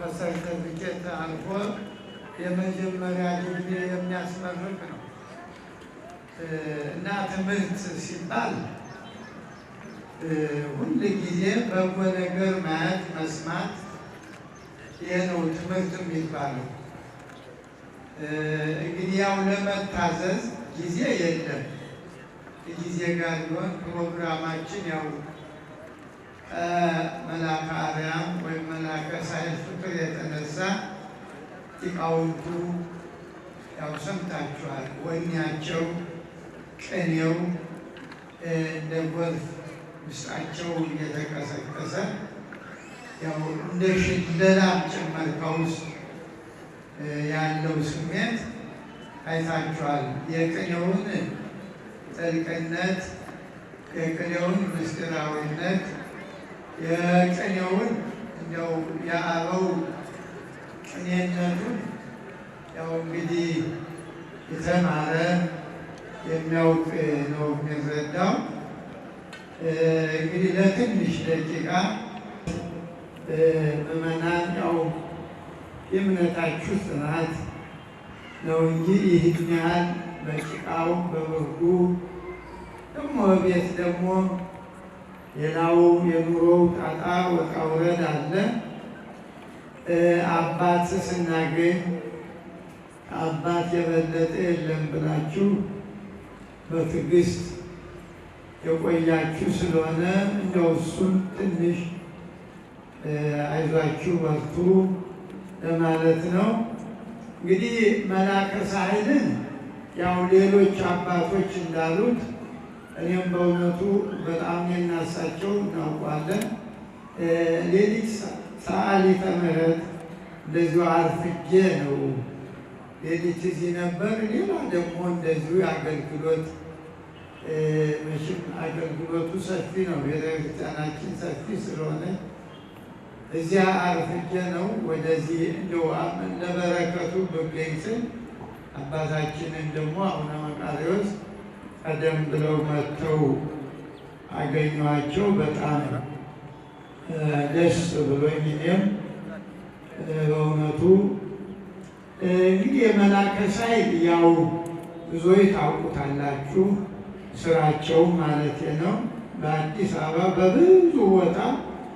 ከሰርተፍኬት አልፎ የመጀመሪያ ዲግሪ የሚያስመርቅ ነው እና ትምህርት ሲባል ሁል ጊዜ በጎ ነገር ማየት፣ መስማት ይህ ነው ትምህርት የሚባለው። እንግዲህ ያው ለመታዘዝ ጊዜ የለም። ጊዜ ጋር ቢሆን ፕሮግራማችን ያው መልአከ አርያም ወይም መልአከ ሳይል ፍቅር የተነሳ ሊቃውንቱ ያው ሰምታችኋል። ወኔያቸው፣ ቅኔው እንደ ጎርፍ ውስጣቸው እየተቀሰቀሰ ያው እንደ ሽለላ ጭምር ከውስጥ ያለው ስሜት አይታችኋል። የቅኔውን ጥልቅነት፣ የቅኔውን ምስጢራዊነት የቅኔውን እንደው የአበው ቅኔነቱን ያው እንግዲህ የተማረ የሚያውቅ ነው የሚረዳው። እንግዲህ ለትንሽ ደቂቃ ምዕመናን ያው የእምነታችሁ ጽናት ነው እንጂ ይህን ያህል በጭቃው በብርዱ ደግሞ ቤት ደግሞ ሌላው የኑሮው ጣጣ ወጣ ውረድ አለ። አባት ስናገኝ አባት የበለጠ የለም ብላችሁ በትዕግስት የቆያችሁ ስለሆነ እንደው እሱን ትንሽ አይዟችሁ በርቱ ለማለት ነው። እንግዲህ መላከ ሳህልን ያው ሌሎች አባቶች እንዳሉት እኔም በእውነቱ በጣም የናሳቸው እናውቋለን። ሌሊት ሰዓሊተ ምሕረት እንደዚሁ አርፍጄ ነው ሌሊት እዚህ ነበር። ሌላ ደግሞ እንደዚሁ አገልግሎት መቼም አገልግሎቱ ሰፊ ነው፣ ቤተክርስቲያናችን ሰፊ ስለሆነ እዚያ አርፍጄ ነው ወደዚህ እንደው ለበረከቱ ብገኝ ስል አባታችንን ደግሞ አቡነ መቃርዮስ ቀደም ብለው መጥተው አገኘኋቸው። በጣም ደስ ብሎኝ እኔም በእውነቱ እንግዲህ የመላከ ሳይል ያው ብዙዎች ታውቁታላችሁ ስራቸው ማለት ነው። በአዲስ አበባ በብዙ ቦታ